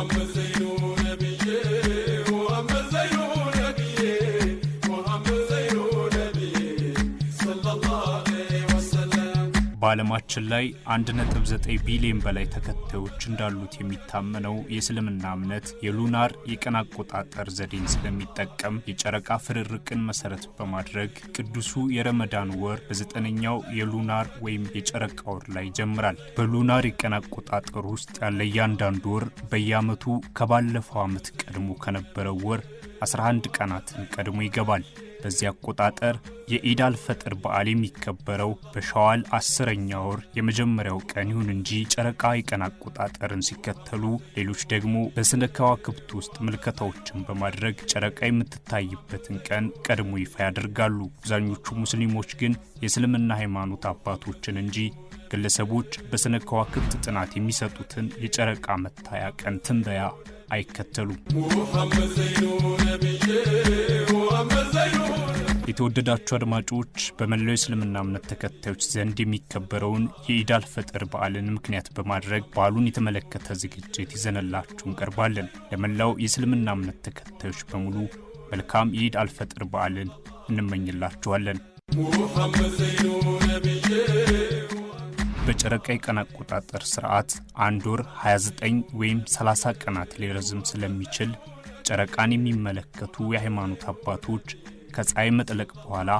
I'm with me. በዓለማችን ላይ 1.9 ቢሊዮን በላይ ተከታዮች እንዳሉት የሚታመነው የእስልምና እምነት የሉናር የቀን አቆጣጠር ዘዴን ስለሚጠቀም የጨረቃ ፍርርቅን መሰረት በማድረግ ቅዱሱ የረመዳን ወር በዘጠነኛው የሉናር ወይም የጨረቃ ወር ላይ ይጀምራል። በሉናር የቀን አቆጣጠር ውስጥ ያለ እያንዳንዱ ወር በየዓመቱ ከባለፈው ዓመት ቀድሞ ከነበረው ወር 11 ቀናትን ቀድሞ ይገባል። በዚህ አቆጣጠር የኢዳል ፈጥር በዓል የሚከበረው በሸዋል አስረኛ ወር የመጀመሪያው ቀን ይሁን እንጂ ጨረቃ የቀን አቆጣጠርን ሲከተሉ፣ ሌሎች ደግሞ በስነ ከዋክብት ውስጥ ምልከታዎችን በማድረግ ጨረቃ የምትታይበትን ቀን ቀድሞ ይፋ ያደርጋሉ። አብዛኞቹ ሙስሊሞች ግን የእስልምና ሃይማኖት አባቶችን እንጂ ግለሰቦች በስነ ከዋክብት ጥናት የሚሰጡትን የጨረቃ መታያ ቀን ትንበያ አይከተሉም። የተወደዳችሁ አድማጮች በመላው እስልምና እምነት ተከታዮች ዘንድ የሚከበረውን የኢዳል ፈጥር በዓልን ምክንያት በማድረግ በዓሉን የተመለከተ ዝግጅት ይዘንላችሁ እንቀርባለን። ለመላው የእስልምና እምነት ተከታዮች በሙሉ መልካም የኢድ አልፈጥር በዓልን እንመኝላችኋለን። በጨረቃ የቀን አቆጣጠር ስርዓት አንድ ወር 29 ወይም 30 ቀናት ሊረዝም ስለሚችል ጨረቃን የሚመለከቱ የሃይማኖት አባቶች ከፀሐይ መጥለቅ በኋላ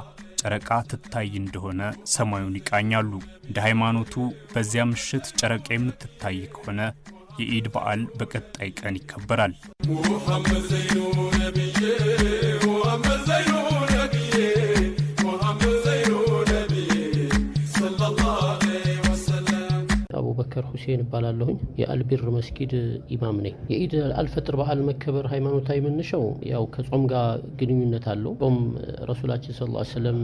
ጨረቃ ትታይ እንደሆነ ሰማዩን ይቃኛሉ። እንደ ሃይማኖቱ በዚያ ምሽት ጨረቃ የምትታይ ከሆነ የኢድ በዓል በቀጣይ ቀን ይከበራል። አቡበከር ሁሴን እባላለሁኝ። የአልቢር መስጊድ ኢማም ነኝ። የኢድ አልፈጥር በዓል መከበር ሃይማኖታዊ መነሻው ያው ከጾም ጋር ግንኙነት አለው። ጾም ረሱላችን ስ ላ ሰለም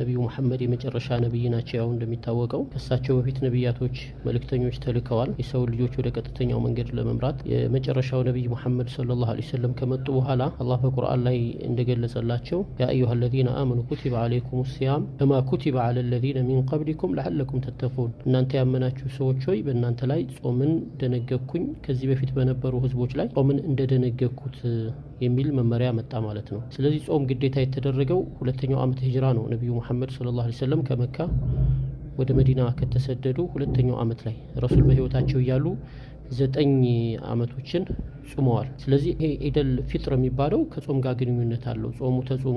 ነቢዩ መሐመድ የመጨረሻ ነቢይ ናቸው። ያው እንደሚታወቀው ከሳቸው በፊት ነቢያቶች፣ መልእክተኞች ተልከዋል። የሰው ልጆች ወደ ቀጥተኛው መንገድ ለመምራት የመጨረሻው ነቢይ ሙሐመድ ሰለላሁ ዐለይሂ ወሰለም ከመጡ በኋላ አላህ በቁርአን ላይ እንደገለጸላቸው ያ አዩሃ ለዚነ አመኑ ኩቲበ አለይኩም ሲያም ከማ ኩቲበ አለ ለዚነ ሚን ቀብሊኩም ለዓለኩም ተተቁን እናንተ ያመናችሁ ሰዎች ሆይ በእናንተ ላይ ጾምን ደነገግኩኝ ከዚህ በፊት በነበሩ ህዝቦች ላይ ጾምን እንደደነገግኩት የሚል መመሪያ መጣ ማለት ነው። ስለዚህ ጾም ግዴታ የተደረገው ሁለተኛው አመት ህጅራ ነው። ነቢዩ መሐመድ ሰለላሁ ላ ሰለም ከመካ ወደ መዲና ከተሰደዱ ሁለተኛው አመት ላይ ረሱል በህይወታቸው እያሉ ዘጠኝ አመቶችን ጾመዋል። ስለዚህ ይሄ ኢደል ፊጥር የሚባለው ከጾም ጋር ግንኙነት አለው። ጾሙ ተጾሞ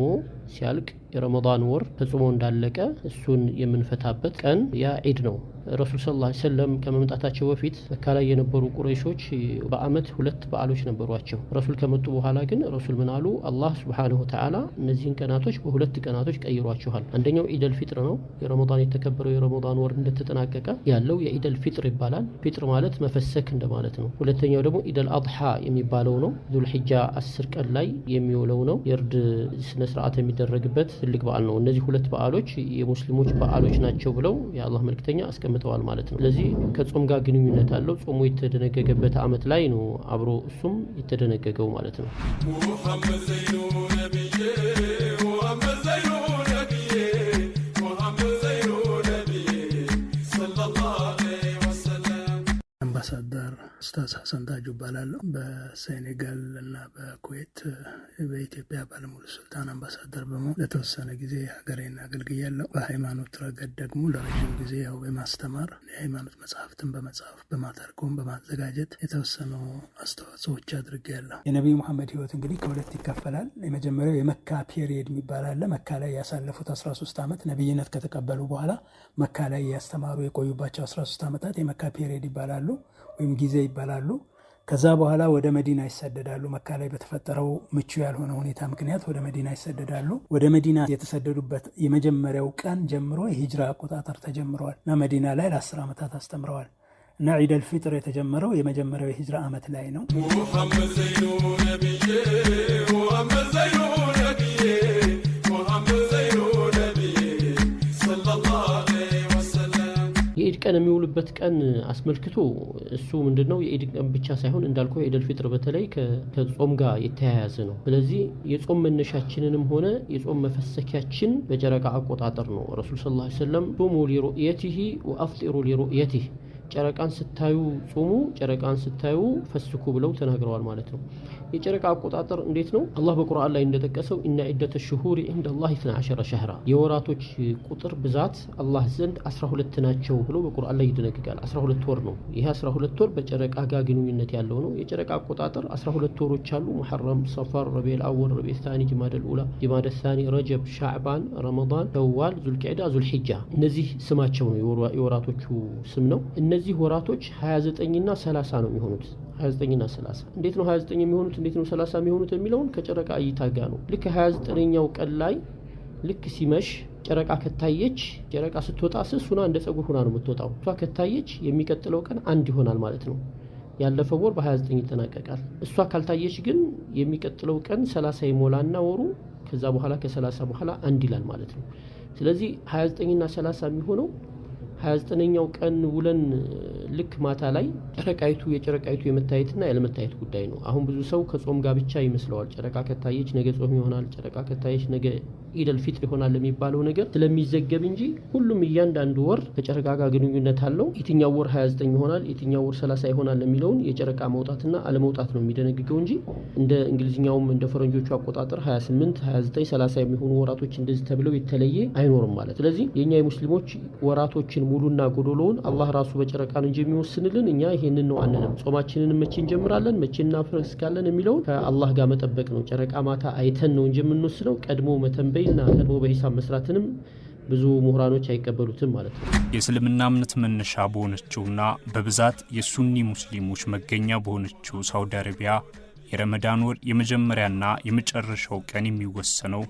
ሲያልቅ የረመዳን ወር ተጽሞ እንዳለቀ እሱን የምንፈታበት ቀን ያ ዒድ ነው። ረሱል ሰለላሁ ላ ሰለም ከመምጣታቸው በፊት መካ ላይ የነበሩ ቁረይሾች በአመት ሁለት በዓሎች ነበሯቸው። ረሱል ከመጡ በኋላ ግን ረሱል ምን አሉ? አላህ ሱብሓነሁ ወተዓላ እነዚህን ቀናቶች በሁለት ቀናቶች ቀይሯችኋል። አንደኛው ኢደል ፊጥር ነው። የረመዳን የተከበረው የረመዳን ወር እንደተጠናቀቀ ያለው የኢደል ፊጥር ይባላል። ፊጥር ማለት መፈሰክ እንደማለት ነው። ሁለተኛው ደግሞ ኢደል አድሓ የሚባለው ነው። ዙልሕጃ አስር ቀን ላይ የሚውለው ነው። የእርድ ስነ ስርዓት የሚደረግበት ትልቅ በዓል ነው። እነዚህ ሁለት በዓሎች የሙስሊሞች በዓሎች ናቸው ብለው የአላህ መልክተኛ አስቀምጠዋል ማለት ነው። ስለዚህ ከጾም ጋር ግንኙነት አለው። ጾሙ የተደነገገበት አመት ላይ ነው አብሮ እሱም የተደነገገው ማለት ነው። ኡስታዝ ሀሰን ታጁ እባላለሁ። በሴኔጋል እና በኩዌት በኢትዮጵያ ባለሙሉ ስልጣን አምባሳደር በመሆን ለተወሰነ ጊዜ ሀገሬን አገልግያለሁ። በሃይማኖት ረገድ ደግሞ ለረጅም ጊዜ ያው የማስተማር የሃይማኖት መጽሐፍትን በመጻፍ በማተርጎም በማዘጋጀት የተወሰኑ አስተዋጽኦዎች አድርጌያለሁ። የነቢዩ መሐመድ ህይወት እንግዲህ ከሁለት ይከፈላል። የመጀመሪያው የመካ ፔሪየድ የሚባል አለ። መካ ላይ ያሳለፉት 13 ዓመት ነቢይነት ከተቀበሉ በኋላ መካ ላይ ያስተማሩ የቆዩባቸው 13 ዓመታት የመካ ፔሪየድ ይባላሉ። ወይም ጊዜ ይባላሉ። ከዛ በኋላ ወደ መዲና ይሰደዳሉ። መካ ላይ በተፈጠረው ምቹ ያልሆነ ሁኔታ ምክንያት ወደ መዲና ይሰደዳሉ። ወደ መዲና የተሰደዱበት የመጀመሪያው ቀን ጀምሮ የሂጅራ አቆጣጠር ተጀምረዋል እና መዲና ላይ ለአስር ዓመታት አስተምረዋል እና ዒደል ፊጥር የተጀመረው የመጀመሪያው የሂጅራ ዓመት ላይ ነው። ቀን የሚውልበት ቀን አስመልክቶ እሱ ምንድነው የኢድ ቀን ብቻ ሳይሆን እንዳልከው የኢደል ፊጥር በተለይ ከጾም ጋር የተያያዘ ነው። ስለዚህ የጾም መነሻችንንም ሆነ የጾም መፈሰኪያችን በጨረቃ አቆጣጠር ነው። ረሱል ሰለላሁ ዐለይሂ ወሰለም ሱሙ ሊሩእየቲሂ ወአፍጢሩ ሊሩእየቲህ ጨረቃን ስታዩ ጹሙ ጨረቃን ስታዩ ፈስኩ ብለው ተናግረዋል ማለት ነው። የጨረቃ አቆጣጠር እንዴት ነው? አላህ በቁርአን ላይ እንደጠቀሰው ኢነ ዒደተ ሽሁሪ ዒንደ ላህ ኢስና ዐሸረ ሸህራ የወራቶች ቁጥር ብዛት አላህ ዘንድ 12 ናቸው ብሎ በቁርአን ላይ ይደነግጋል። 12 ወር ነው። ይሄ 12 ወር በጨረቃ ጋር ግንኙነት ያለው ነው። የጨረቃ አቆጣጠር 12 ወሮች አሉ። ሙሐረም፣ ሰፈር፣ ረቢዕ አወል፣ ረቢዕ ሳኒ፣ ጅማደል ኡላ፣ ጅማደል ሳኒ፣ ረጀብ፣ ሻዕባን፣ ረመዳን፣ ሸዋል፣ ዙልቅዕዳ፣ ዙልሒጃ እነዚህ ስማቸው ነው፣ የወራቶቹ ስም ነው። እነዚህ ወራቶች 29ና 30 ነው የሚሆኑት። 29ና 30 እንዴት ነው 29 የሚሆኑት እንዴት ነው 30 የሚሆኑት የሚለውን ከጨረቃ እይታ ጋ ነው። ልክ 29ኛው ቀን ላይ ልክ ሲመሽ ጨረቃ ከታየች ጨረቃ ስትወጣ ስስ ሁና እንደ ጸጉር ሁና ነው የምትወጣው። እሷ ከታየች የሚቀጥለው ቀን አንድ ይሆናል ማለት ነው። ያለፈው ወር በ29 ይጠናቀቃል። እሷ ካልታየች ግን የሚቀጥለው ቀን 30 ይሞላና ወሩ ከዛ በኋላ ከ30 በኋላ አንድ ይላል ማለት ነው። ስለዚህ 29ና 30 የሚሆነው 29ኛው ቀን ውለን ልክ ማታ ላይ ጨረቃይቱ የጨረቃይቱ የመታየትና ያለመታየት ጉዳይ ነው። አሁን ብዙ ሰው ከጾም ጋር ብቻ ይመስለዋል። ጨረቃ ከታየች ነገ ጾም ይሆናል፣ ጨረቃ ከታየች ነገ ኢደል ፊጥር ይሆናል የሚባለው ነገር ስለሚዘገብ እንጂ ሁሉም እያንዳንዱ ወር ከጨረቃ ጋር ግንኙነት አለው። የትኛው ወር 29 ይሆናል፣ የትኛው ወር 30 ይሆናል የሚለውን የጨረቃ መውጣትና አለመውጣት ነው የሚደነግገው እንጂ እንደ እንግሊዝኛውም እንደ ፈረንጆቹ አቆጣጠር 28፣ 29፣ 30 የሚሆኑ ወራቶች እንደዚህ ተብለው የተለየ አይኖርም ማለት ስለዚህ የእኛ የሙስሊሞች ወራቶችን ሙሉና ጎዶሎውን አላህ ራሱ በጨረቃ ነው እንጂ የሚወስንልን እኛ ይሄንን ነው አንልም። ጾማችንን መቼ እንጀምራለን መቼ እናፈስካለን የሚለውን ከአላህ ጋር መጠበቅ ነው። ጨረቃ ማታ አይተን ነው እንጂ የምንወስነው ቀድሞ መተንበይና ቀድሞ በሂሳብ መስራትንም ብዙ ምሁራኖች አይቀበሉትም ማለት ነው። የእስልምና እምነት መነሻ በሆነችውና በብዛት የሱኒ ሙስሊሞች መገኛ በሆነችው ሳውዲ አረቢያ የረመዳን ወር የመጀመሪያና የመጨረሻው ቀን የሚወሰነው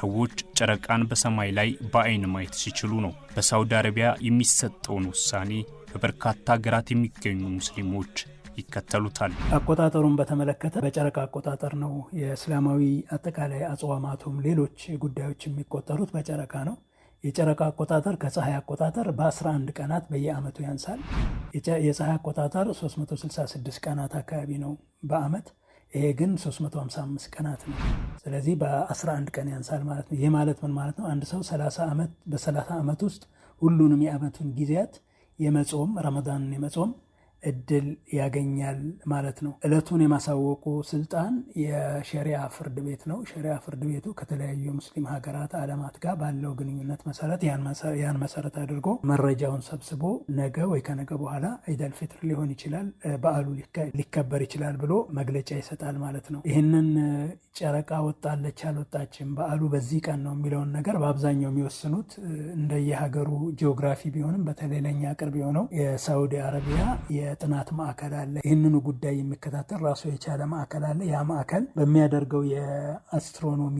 ሰዎች ጨረቃን በሰማይ ላይ በአይን ማየት ሲችሉ ነው። በሳውዲ አረቢያ የሚሰጠውን ውሳኔ በበርካታ ሀገራት የሚገኙ ሙስሊሞች ይከተሉታል። አቆጣጠሩን በተመለከተ በጨረቃ አቆጣጠር ነው። የእስላማዊ አጠቃላይ አጽዋማቱም ሌሎች ጉዳዮች የሚቆጠሩት በጨረቃ ነው። የጨረቃ አቆጣጠር ከፀሐይ አቆጣጠር በ11 ቀናት በየአመቱ ያንሳል። የፀሐይ አቆጣጠር 366 ቀናት አካባቢ ነው በአመት ይሄ ግን 355 ቀናት ነው። ስለዚህ በ11 ቀን ያንሳል ማለት ነው። ይህ ማለት ምን ማለት ነው? አንድ ሰው በ30 ዓመት ውስጥ ሁሉንም የዓመቱን ጊዜያት የመጾም ረመዳንን የመጾም እድል ያገኛል ማለት ነው። እለቱን የማሳወቁ ስልጣን የሸሪያ ፍርድ ቤት ነው። ሸሪያ ፍርድ ቤቱ ከተለያዩ የሙስሊም ሀገራት አለማት ጋር ባለው ግንኙነት መሰረት ያን መሰረት አድርጎ መረጃውን ሰብስቦ ነገ ወይ ከነገ በኋላ ኢደል ፊትር ሊሆን ይችላል በዓሉ ሊከበር ይችላል ብሎ መግለጫ ይሰጣል ማለት ነው። ይህንን ጨረቃ ወጣለች አልወጣችም፣ በዓሉ በዚህ ቀን ነው የሚለውን ነገር በአብዛኛው የሚወስኑት እንደየሀገሩ ጂኦግራፊ ቢሆንም በተለይ ለእኛ ቅርብ የሆነው የሳዑዲ አረቢያ የጥናት ማዕከል አለ። ይህንኑ ጉዳይ የሚከታተል ራሱ የቻለ ማዕከል አለ። ያ ማዕከል በሚያደርገው የአስትሮኖሚ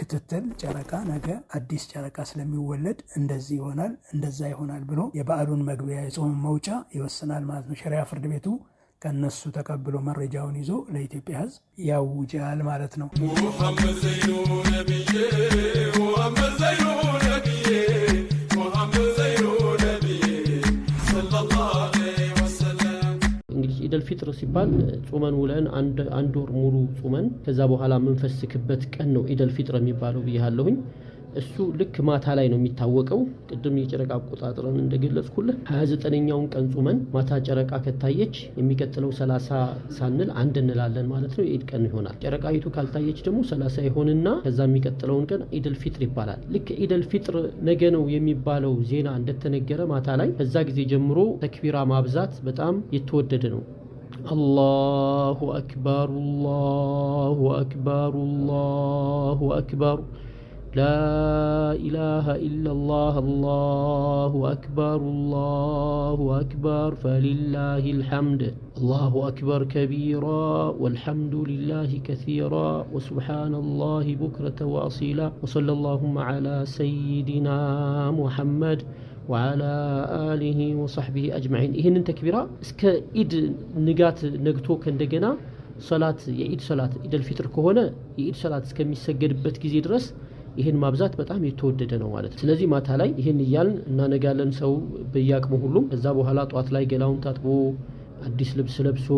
ክትትል ጨረቃ ነገ አዲስ ጨረቃ ስለሚወለድ እንደዚህ ይሆናል፣ እንደዛ ይሆናል ብሎ የበዓሉን መግቢያ የጾም መውጫ ይወስናል ማለት ነው። ሸሪያ ፍርድ ቤቱ ከነሱ ተቀብሎ መረጃውን ይዞ ለኢትዮጵያ ሕዝብ ያውጃል ማለት ነው። ኢደል ፊጥር ሲባል ጾመን ውለን አንድ ወር ሙሉ ጾመን ከዛ በኋላ የምንፈስክበት ቀን ነው ኢደል ፊጥር የሚባለው ብያለሁኝ። እሱ ልክ ማታ ላይ ነው የሚታወቀው። ቅድም የጨረቃ አቆጣጠርን እንደገለጽኩልህ 29ኛውን ቀን ጾመን ማታ ጨረቃ ከታየች የሚቀጥለው ሰላሳ ሳንል አንድ እንላለን ማለት ነው። የኢድ ቀን ይሆናል። ጨረቃይቱ ካልታየች ደግሞ ሰላሳ ይሆንና ከዛ የሚቀጥለውን ቀን ኢደል ፊጥር ይባላል። ልክ ኢደል ፊጥር ነገ ነው የሚባለው ዜና እንደተነገረ ማታ ላይ ከዛ ጊዜ ጀምሮ ተክቢራ ማብዛት በጣም የተወደደ ነው። አላሁ አክባር አላሁ አክባር አላሁ አክባር لا إله إلا الله الله أكبر الله أكبر فلله الحمد الله أكبر كبيرا والحمد لله كثيرا وسبحان الله بكرة وأصيلا وصلى اللهم على سيدنا محمد وعلى آله وصحبه أجمعين إسكا ተክቢራ እስከ ኢድ ንጋት صلاة يعيد صلاة የኢድ ሰላት ኢደል يعيد صلاة إسكا ሰላት እስከሚሰገድበት ጊዜ رسل ይህን ማብዛት በጣም የተወደደ ነው ማለት ነው። ስለዚህ ማታ ላይ ይህን እያልን እናነጋለን፣ ሰው በያቅሙ ሁሉም። ከዛ በኋላ ጧት ላይ ገላውን ታጥቦ አዲስ ልብስ ለብሶ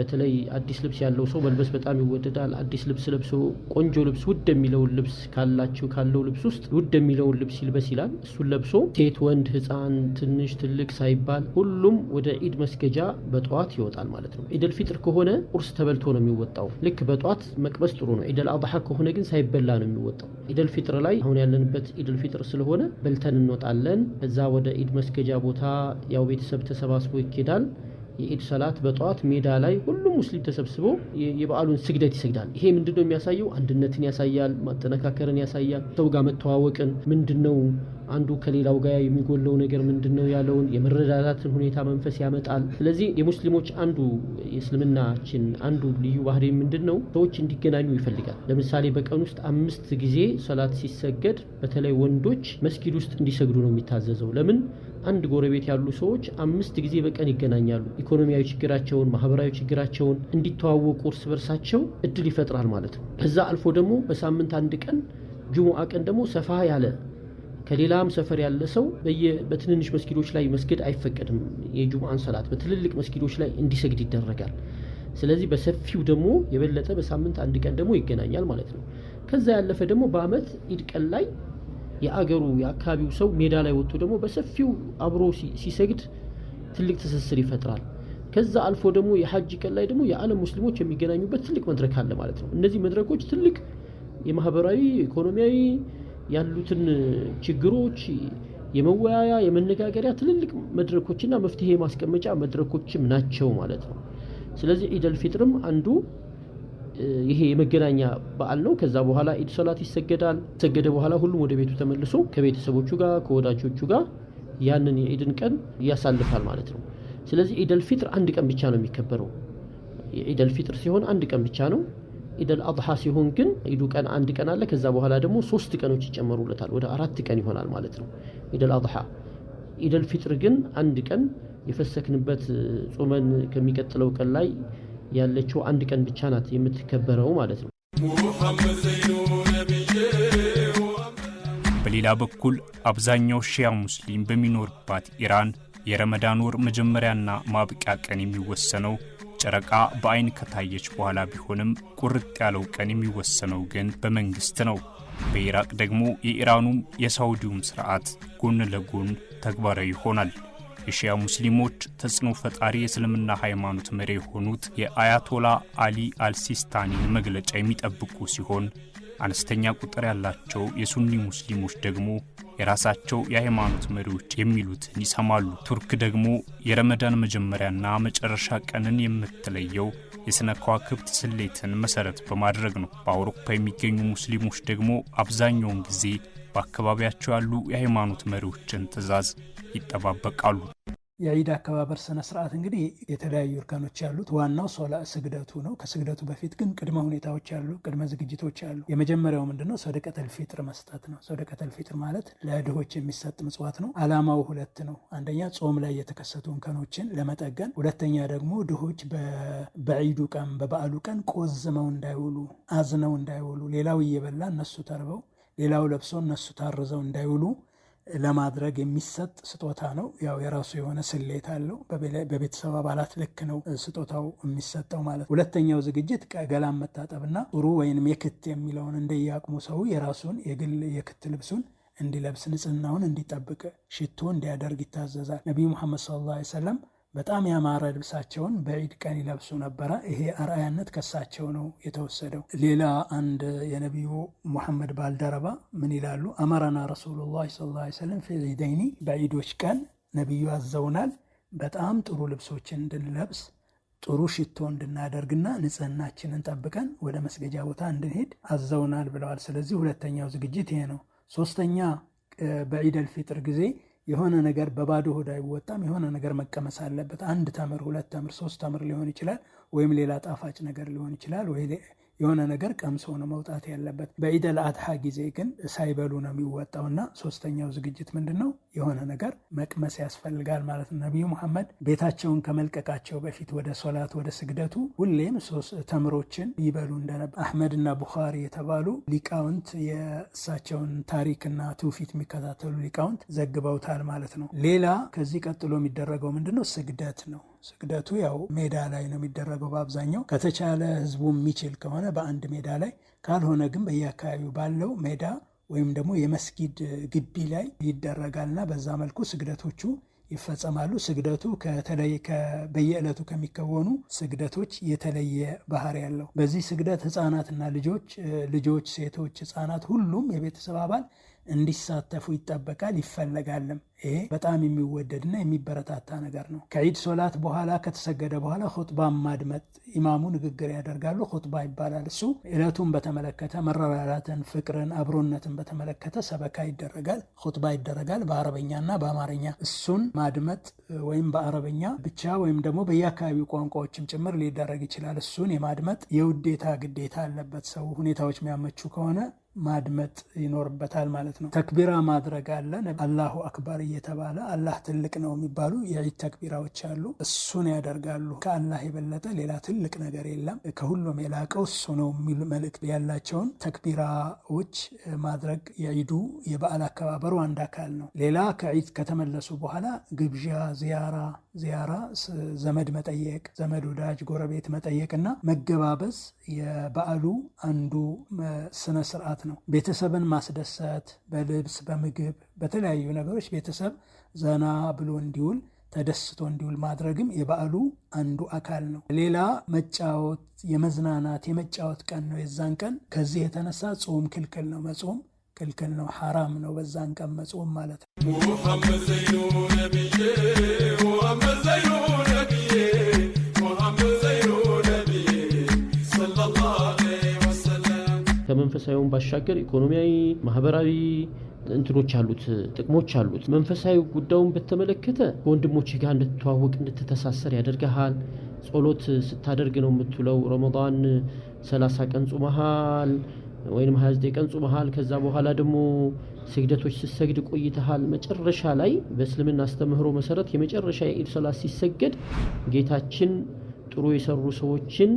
በተለይ አዲስ ልብስ ያለው ሰው መልበስ በጣም ይወደዳል። አዲስ ልብስ ለብሶ ቆንጆ ልብስ ውድ የሚለውን ልብስ ካላችሁ ካለው ልብስ ውስጥ ውድ የሚለውን ልብስ ይልበስ ይላል። እሱን ለብሶ ሴት፣ ወንድ፣ ህፃን፣ ትንሽ ትልቅ ሳይባል ሁሉም ወደ ኢድ መስገጃ በጠዋት ይወጣል ማለት ነው። ኢደል ፊጥር ከሆነ ቁርስ ተበልቶ ነው የሚወጣው። ልክ በጠዋት መቅበስ ጥሩ ነው። ኢደል አድሓ ከሆነ ግን ሳይበላ ነው የሚወጣው። ኢደል ፊጥር ላይ አሁን ያለንበት ኢደል ፊጥር ስለሆነ በልተን እንወጣለን። ከዛ ወደ ኢድ መስገጃ ቦታ ያው ቤተሰብ ተሰባስቦ ይኬዳል። የኢድ ሰላት በጠዋት ሜዳ ላይ ሁሉም ሙስሊም ተሰብስቦ የበዓሉን ስግደት ይሰግዳል። ይሄ ምንድነው የሚያሳየው? አንድነትን ያሳያል፣ ማጠነካከርን ያሳያል፣ ሰው ጋር መተዋወቅን ምንድነው አንዱ ከሌላው ጋር የሚጎለው ነገር ምንድን ነው ያለውን የመረዳዳትን ሁኔታ መንፈስ ያመጣል። ስለዚህ የሙስሊሞች አንዱ የእስልምናችን አንዱ ልዩ ባህሪ ምንድን ነው? ሰዎች እንዲገናኙ ይፈልጋል። ለምሳሌ በቀን ውስጥ አምስት ጊዜ ሰላት ሲሰገድ በተለይ ወንዶች መስጊድ ውስጥ እንዲሰግዱ ነው የሚታዘዘው። ለምን? አንድ ጎረቤት ያሉ ሰዎች አምስት ጊዜ በቀን ይገናኛሉ። ኢኮኖሚያዊ ችግራቸውን፣ ማህበራዊ ችግራቸውን እንዲተዋወቁ እርስ በርሳቸው እድል ይፈጥራል ማለት ነው። ከዛ አልፎ ደግሞ በሳምንት አንድ ቀን ጁሙአ ቀን ደግሞ ሰፋ ያለ ከሌላም ሰፈር ያለ ሰው በትንንሽ መስጊዶች ላይ መስገድ አይፈቀድም። የጁምአን ሰላት በትልልቅ መስጊዶች ላይ እንዲሰግድ ይደረጋል። ስለዚህ በሰፊው ደግሞ የበለጠ በሳምንት አንድ ቀን ደግሞ ይገናኛል ማለት ነው። ከዛ ያለፈ ደግሞ በአመት ኢድ ቀን ላይ የአገሩ የአካባቢው ሰው ሜዳ ላይ ወጥቶ ደግሞ በሰፊው አብሮ ሲሰግድ ትልቅ ትስስር ይፈጥራል። ከዛ አልፎ ደግሞ የሀጅ ቀን ላይ ደግሞ የዓለም ሙስሊሞች የሚገናኙበት ትልቅ መድረክ አለ ማለት ነው። እነዚህ መድረኮች ትልቅ የማህበራዊ ኢኮኖሚያዊ ያሉትን ችግሮች የመወያያ የመነጋገሪያ ትልልቅ መድረኮችና መፍትሄ ማስቀመጫ መድረኮችም ናቸው ማለት ነው። ስለዚህ ኢደል ፊጥርም አንዱ ይሄ የመገናኛ በዓል ነው። ከዛ በኋላ ኢድ ሶላት ይሰገዳል። ሰገደ በኋላ ሁሉም ወደ ቤቱ ተመልሶ ከቤተሰቦቹ ጋር ከወዳጆቹ ጋር ያንን የኢድን ቀን ያሳልፋል ማለት ነው። ስለዚህ ኢደል ፊጥር አንድ ቀን ብቻ ነው የሚከበረው። የኢደል ፊጥር ሲሆን አንድ ቀን ብቻ ነው። ኢደል አድሓ ሲሆን ግን ኢዱ ቀን አንድ ቀን አለ። ከዛ በኋላ ደግሞ ሶስት ቀኖች ይጨመሩለታል ወደ አራት ቀን ይሆናል ማለት ነው ኢደል አድሓ። ኢደል ፊጥር ግን አንድ ቀን የፈሰክንበት ጾመን ከሚቀጥለው ቀን ላይ ያለችው አንድ ቀን ብቻ ናት የምትከበረው ማለት ነው። በሌላ በኩል አብዛኛው ሺያ ሙስሊም በሚኖርባት ኢራን የረመዳን ወር መጀመሪያና ማብቂያ ቀን የሚወሰነው ጨረቃ በአይን ከታየች በኋላ ቢሆንም ቁርጥ ያለው ቀን የሚወሰነው ግን በመንግስት ነው። በኢራቅ ደግሞ የኢራኑም የሳውዲውም ስርዓት ጎን ለጎን ተግባራዊ ይሆናል። የሺያ ሙስሊሞች ተጽዕኖ ፈጣሪ የእስልምና ሃይማኖት መሪ የሆኑት የአያቶላ አሊ አልሲስታኒን መግለጫ የሚጠብቁ ሲሆን አነስተኛ ቁጥር ያላቸው የሱኒ ሙስሊሞች ደግሞ የራሳቸው የሃይማኖት መሪዎች የሚሉትን ይሰማሉ። ቱርክ ደግሞ የረመዳን መጀመሪያና መጨረሻ ቀንን የምትለየው የሥነ ከዋክብት ስሌትን መሠረት በማድረግ ነው። በአውሮፓ የሚገኙ ሙስሊሞች ደግሞ አብዛኛውን ጊዜ በአካባቢያቸው ያሉ የሃይማኖት መሪዎችን ትዕዛዝ ይጠባበቃሉ። የዒድ አከባበር ስነ ስርዓት እንግዲህ የተለያዩ እርካኖች ያሉት ዋናው ሶላ ስግደቱ ነው። ከስግደቱ በፊት ግን ቅድመ ሁኔታዎች አሉ፣ ቅድመ ዝግጅቶች አሉ። የመጀመሪያው ምንድነው? ሰደቀተል ፊጥር መስጠት ነው። ሰደቀተል ፊጥር ማለት ለድሆች የሚሰጥ ምጽዋት ነው። አላማው ሁለት ነው። አንደኛ ጾም ላይ የተከሰቱ እንከኖችን ለመጠገን፣ ሁለተኛ ደግሞ ድሆች በዒዱ ቀን በበዓሉ ቀን ቆዝመው እንዳይውሉ፣ አዝነው እንዳይውሉ፣ ሌላው እየበላ እነሱ ተርበው፣ ሌላው ለብሶ እነሱ ታርዘው እንዳይውሉ ለማድረግ የሚሰጥ ስጦታ ነው። ያው የራሱ የሆነ ስሌት አለው። በቤተሰብ አባላት ልክ ነው ስጦታው የሚሰጠው ማለት ነው። ሁለተኛው ዝግጅት ገላን መታጠብና ጥሩ ወይንም የክት የሚለውን እንደየአቅሙ ሰው የራሱን የግል የክት ልብሱን እንዲለብስ ንጽህናውን እንዲጠብቅ ሽቶ እንዲያደርግ ይታዘዛል። ነቢዩ ሙሐመድ ሰለላሁ ዐለይሂ ወሰለም በጣም ያማረ ልብሳቸውን በዒድ ቀን ይለብሱ ነበረ። ይሄ አርአያነት ከሳቸው ነው የተወሰደው። ሌላ አንድ የነቢዩ ሙሐመድ ባልደረባ ምን ይላሉ? አመረና ረሱሉላህ ሰለላሁ ዐለይሂ ወሰለም ፊል በዒዶች ቀን ነቢዩ አዘውናል በጣም ጥሩ ልብሶችን እንድንለብስ ጥሩ ሽቶ እንድናደርግና ንጽህናችንን ጠብቀን ወደ መስገጃ ቦታ እንድንሄድ አዘውናል ብለዋል። ስለዚህ ሁለተኛው ዝግጅት ይሄ ነው። ሶስተኛ በዒደል ፊጥር ጊዜ የሆነ ነገር በባዶ ሆድ አይወጣም። የሆነ ነገር መቀመስ አለበት። አንድ ተምር፣ ሁለት ተምር፣ ሶስት ተምር ሊሆን ይችላል፣ ወይም ሌላ ጣፋጭ ነገር ሊሆን ይችላል፣ ወይ የሆነ ነገር ቀምሰው ነው መውጣት ያለበት። በኢደል አድሃ ጊዜ ግን ሳይበሉ ነው የሚወጣው እና ሶስተኛው ዝግጅት ምንድን ነው? የሆነ ነገር መቅመስ ያስፈልጋል ማለት ነው። ነቢዩ መሐመድ ቤታቸውን ከመልቀቃቸው በፊት ወደ ሶላት ወደ ስግደቱ ሁሌም ሶስት ተምሮችን ይበሉ እንደነበር አሕመድና ቡኻሪ የተባሉ ሊቃውንት የእሳቸውን ታሪክና ትውፊት የሚከታተሉ ሊቃውንት ዘግበውታል ማለት ነው። ሌላ ከዚህ ቀጥሎ የሚደረገው ምንድነው ስግደት ነው። ስግደቱ ያው ሜዳ ላይ ነው የሚደረገው በአብዛኛው። ከተቻለ ህዝቡ የሚችል ከሆነ በአንድ ሜዳ ላይ፣ ካልሆነ ግን በየአካባቢው ባለው ሜዳ ወይም ደግሞ የመስጊድ ግቢ ላይ ይደረጋልና በዛ መልኩ ስግደቶቹ ይፈጸማሉ። ስግደቱ በየዕለቱ ከሚከወኑ ስግደቶች የተለየ ባህሪ ያለው። በዚህ ስግደት ህፃናትና ልጆች ልጆች፣ ሴቶች፣ ህፃናት ሁሉም የቤተሰብ አባል እንዲሳተፉ ይጠበቃል ይፈለጋልም። ይሄ በጣም የሚወደድና የሚበረታታ ነገር ነው። ከዒድ ሶላት በኋላ ከተሰገደ በኋላ ሁጥባ ማድመጥ፣ ኢማሙ ንግግር ያደርጋሉ፣ ሁጥባ ይባላል። እሱ ዕለቱን በተመለከተ መረራራትን፣ ፍቅርን፣ አብሮነትን በተመለከተ ሰበካ ይደረጋል፣ ሁጥባ ይደረጋል በአረበኛና በአማርኛ። እሱን ማድመጥ ወይም በአረበኛ ብቻ ወይም ደግሞ በየአካባቢው ቋንቋዎችም ጭምር ሊደረግ ይችላል። እሱን የማድመጥ የውዴታ ግዴታ አለበት ሰው ሁኔታዎች የሚያመቹ ከሆነ ማድመጥ ይኖርበታል ማለት ነው። ተክቢራ ማድረግ አለ። አላሁ አክባር እየተባለ አላህ ትልቅ ነው የሚባሉ የዒድ ተክቢራዎች አሉ። እሱን ያደርጋሉ። ከአላህ የበለጠ ሌላ ትልቅ ነገር የለም፣ ከሁሉም የላቀው እሱ ነው የሚል መልእክት ያላቸውን ተክቢራዎች ማድረግ የዒዱ የበዓል አከባበሩ አንድ አካል ነው። ሌላ ከዒድ ከተመለሱ በኋላ ግብዣ፣ ዚያራ ዚያራ ዘመድ መጠየቅ፣ ዘመድ ወዳጅ፣ ጎረቤት እና መገባበዝ የበዓሉ አንዱ ስነ ስርዓት ነው። ቤተሰብን ማስደሰት በልብስ በምግብ በተለያዩ ነገሮች ቤተሰብ ዘና ብሎ እንዲውል ተደስቶ እንዲውል ማድረግም የበዓሉ አንዱ አካል ነው። ሌላ መጫወት፣ የመዝናናት የመጫወት ቀን ነው የዛን ቀን። ከዚህ የተነሳ ጾም ክልክል ነው፣ መጾም ክልክል ነው፣ ሐራም ነው በዛን ቀን መጾም ማለት ነው። ከመንፈሳዊውን ባሻገር ኢኮኖሚያዊ፣ ማህበራዊ እንትኖች አሉት፣ ጥቅሞች አሉት። መንፈሳዊ ጉዳዩን በተመለከተ ከወንድሞች ጋር እንድትተዋወቅ እንድትተሳሰር ያደርግሃል። ጸሎት ስታደርግ ነው የምትውለው። ረመዳን 30 ቀን ጾመሃል ወይም 29 ቀን ጾመሃል። ከዛ በኋላ ደግሞ ስግደቶች ስትሰግድ ቆይተሃል። መጨረሻ ላይ በእስልምና አስተምህሮ መሰረት የመጨረሻ የኢድ ሰላት ሲሰገድ ጌታችን ጥሩ የሰሩ ሰዎችን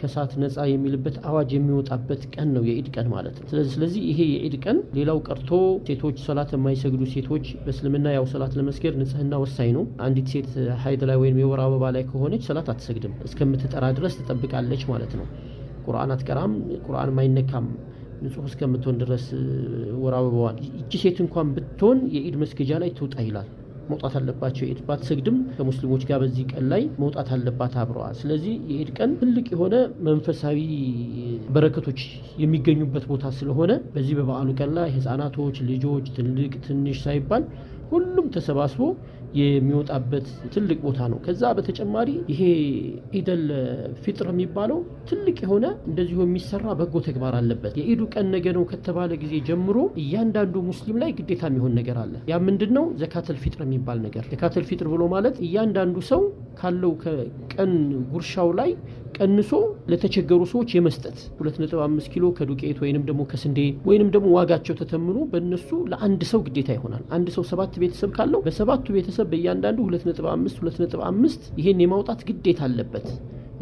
ከሰዓት ነፃ የሚልበት አዋጅ የሚወጣበት ቀን ነው የኢድ ቀን ማለት ነው። ስለዚህ ይሄ የኢድ ቀን ሌላው ቀርቶ ሴቶች ሰላት የማይሰግዱ ሴቶች በእስልምና ያው ሰላት ለመስገድ ንጽህና ወሳኝ ነው። አንዲት ሴት ሀይድ ላይ ወይም የወር አበባ ላይ ከሆነች ሰላት አትሰግድም፣ እስከምትጠራ ድረስ ትጠብቃለች ማለት ነው። ቁርአን አትቀራም፣ ቁርአን ማይነካም ንጹህ እስከምትሆን ድረስ ወር አበባዋን። እጅ ሴት እንኳን ብትሆን የኢድ መስገጃ ላይ ትውጣ ይላል። መውጣት አለባቸው። የኢድ ስግድም ከሙስሊሞች ጋር በዚህ ቀን ላይ መውጣት አለባት አብረዋል። ስለዚህ የኢድ ቀን ትልቅ የሆነ መንፈሳዊ በረከቶች የሚገኙበት ቦታ ስለሆነ በዚህ በበዓሉ ቀን ላይ ህፃናቶች ልጆች፣ ትልቅ ትንሽ ሳይባል ሁሉም ተሰባስቦ የሚወጣበት ትልቅ ቦታ ነው። ከዛ በተጨማሪ ይሄ ኢደል ፊጥር የሚባለው ትልቅ የሆነ እንደዚሁ የሚሰራ በጎ ተግባር አለበት። የኢዱ ቀን ነገ ነው ከተባለ ጊዜ ጀምሮ እያንዳንዱ ሙስሊም ላይ ግዴታ የሚሆን ነገር አለ። ያ ምንድን ነው? ዘካተል ፊጥር የሚባል ነገር። ዘካተል ፊጥር ብሎ ማለት እያንዳንዱ ሰው ካለው ከቀን ጉርሻው ላይ ቀንሶ ለተቸገሩ ሰዎች የመስጠት 2.5 ኪሎ ከዱቄት ወይንም ደግሞ ከስንዴ ወይንም ደግሞ ዋጋቸው ተተምኖ በእነሱ ለአንድ ሰው ግዴታ ይሆናል። አንድ ሰው ሰባት ቤተሰብ ካለው በሰባቱ ቤተሰብ በእያንዳንዱ 2.5 2.5 ይሄን የማውጣት ግዴታ አለበት።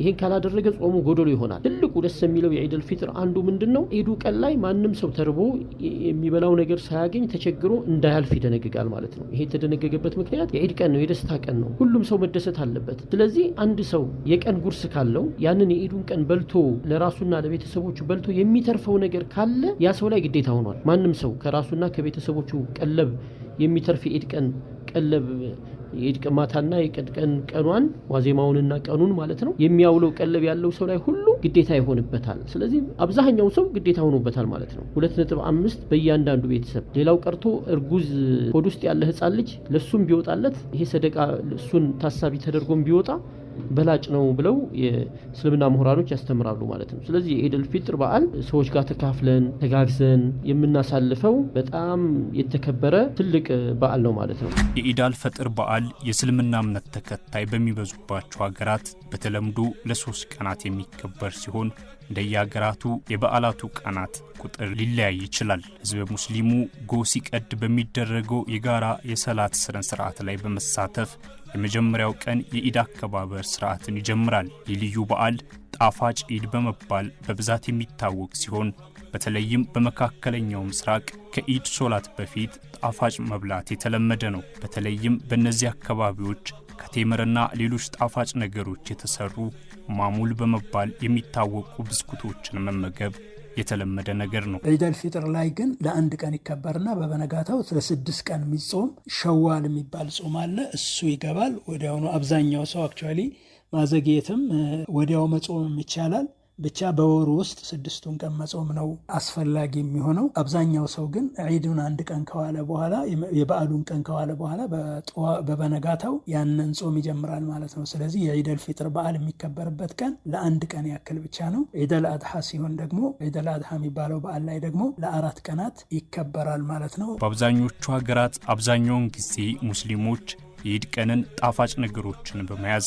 ይህን ካላደረገ ጾሙ ጎደሎ ይሆናል። ትልቁ ደስ የሚለው የዒደል ፊጥር አንዱ ምንድን ነው? ኢዱ ቀን ላይ ማንም ሰው ተርቦ የሚበላው ነገር ሳያገኝ ተቸግሮ እንዳያልፍ ይደነግጋል ማለት ነው። ይሄ የተደነገገበት ምክንያት የዒድ ቀን ነው፣ የደስታ ቀን ነው። ሁሉም ሰው መደሰት አለበት። ስለዚህ አንድ ሰው የቀን ጉርስ ካለው ያንን የኢዱን ቀን በልቶ ለራሱና ለቤተሰቦቹ በልቶ የሚተርፈው ነገር ካለ ያ ሰው ላይ ግዴታ ሆኗል። ማንም ሰው ከራሱና ከቤተሰቦቹ ቀለብ የሚተርፍ የዒድ ቀን ቀለብ የኢድ ቅማታና የቀን ቀኗን ዋዜማውንና ቀኑን ማለት ነው የሚያውለው ቀለብ ያለው ሰው ላይ ሁሉ ግዴታ ይሆንበታል። ስለዚህ አብዛኛው ሰው ግዴታ ሆኖበታል ማለት ነው። ሁለት ነጥብ አምስት በእያንዳንዱ ቤተሰብ ሌላው ቀርቶ እርጉዝ ሆድ ውስጥ ያለ ህፃን ልጅ ለሱም ቢወጣለት ይሄ ሰደቃ እሱን ታሳቢ ተደርጎም ቢወጣ በላጭ ነው ብለው የእስልምና ምሁራኖች ያስተምራሉ ማለት ነው። ስለዚህ የኢደል ፊጥር በዓል ሰዎች ጋር ተካፍለን ተጋግዘን የምናሳልፈው በጣም የተከበረ ትልቅ በዓል ነው ማለት ነው። የኢዳል ፈጥር በዓል የእስልምና እምነት ተከታይ በሚበዙባቸው ሀገራት በተለምዶ ለሶስት ቀናት የሚከበር ሲሆን እንደየሀገራቱ የበዓላቱ ቀናት ቁጥር ሊለያይ ይችላል። ህዝበ ሙስሊሙ ጎህ ሲቀድ በሚደረገው የጋራ የሰላት ስነ ስርዓት ላይ በመሳተፍ በመጀመሪያው ቀን የኢድ አከባበር ስርዓትን ይጀምራል። የልዩ በዓል ጣፋጭ ኢድ በመባል በብዛት የሚታወቅ ሲሆን በተለይም በመካከለኛው ምስራቅ ከኢድ ሶላት በፊት ጣፋጭ መብላት የተለመደ ነው። በተለይም በእነዚህ አካባቢዎች ከቴምርና ሌሎች ጣፋጭ ነገሮች የተሰሩ ማሙል በመባል የሚታወቁ ብስኩቶችን መመገብ የተለመደ ነገር ነው። ዒደል ፊጥር ላይ ግን ለአንድ ቀን ይከበርና በበነጋታው ለስድስት ቀን የሚጾም ሸዋል የሚባል ጾም አለ። እሱ ይገባል ወዲያውኑ። አብዛኛው ሰው አክቹዋሊ ማዘግየትም ወዲያው መጾም ይቻላል። ብቻ በወሩ ውስጥ ስድስቱን ቀን መጾም ነው አስፈላጊ የሚሆነው። አብዛኛው ሰው ግን ዒዱን አንድ ቀን ከዋለ በኋላ የበዓሉን ቀን ከዋለ በኋላ በበነጋታው ያንን ጾም ይጀምራል ማለት ነው። ስለዚህ የዒደል ፊጥር በዓል የሚከበርበት ቀን ለአንድ ቀን ያክል ብቻ ነው። ዒደል አድሓ ሲሆን ደግሞ ዒደል አድሓ የሚባለው በዓል ላይ ደግሞ ለአራት ቀናት ይከበራል ማለት ነው። በአብዛኞቹ ሀገራት አብዛኛውን ጊዜ ሙስሊሞች የዒድ ቀንን ጣፋጭ ነገሮችን በመያዝ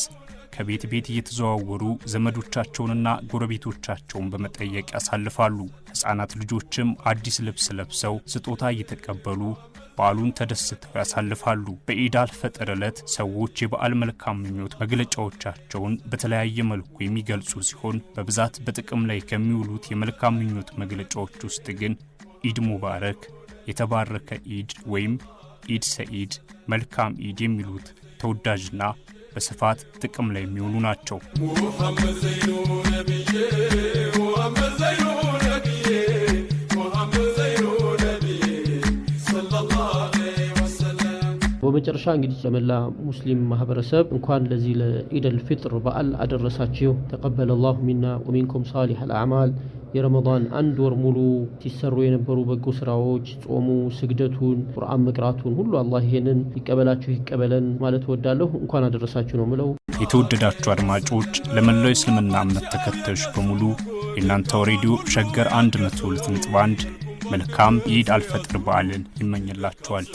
ከቤት ቤት እየተዘዋወሩ ዘመዶቻቸውንና ጎረቤቶቻቸውን በመጠየቅ ያሳልፋሉ። ሕፃናት ልጆችም አዲስ ልብስ ለብሰው ስጦታ እየተቀበሉ በዓሉን ተደስተው ያሳልፋሉ። በኢድ አልፈጥር ዕለት ሰዎች የበዓል መልካም ምኞት መግለጫዎቻቸውን በተለያየ መልኩ የሚገልጹ ሲሆን በብዛት በጥቅም ላይ ከሚውሉት የመልካም ምኞት መግለጫዎች ውስጥ ግን ኢድ ሙባረክ፣ የተባረከ ኢድ ወይም ኢድ ሰኢድ፣ መልካም ኢድ የሚሉት ተወዳጅና በስፋት ጥቅም ላይ የሚውሉ ናቸው። በመጨረሻ እንግዲህ ለመላ ሙስሊም ማህበረሰብ እንኳን ለዚህ ለኢደል ፊጥር በዓል አደረሳችሁ። ተቀበለ አላሁ ሚና ወሚንኩም ሳሊሕ አልአዕማል። የረመዳን አንድ ወር ሙሉ ሲሰሩ የነበሩ በጎ ስራዎች፣ ጾሙ፣ ስግደቱን፣ ቁርአን መቅራቱን ሁሉ አላህ ይሄንን ይቀበላችሁ ይቀበለን ማለት እወዳለሁ። እንኳን አደረሳችሁ ነው ምለው። የተወደዳችሁ አድማጮች፣ ለመላው እስልምና እምነት ተከታዮች በሙሉ የእናንተው ሬዲዮ ሸገር 102.1 መልካም የኢድ አልፈጥር በዓልን ይመኝላችኋል።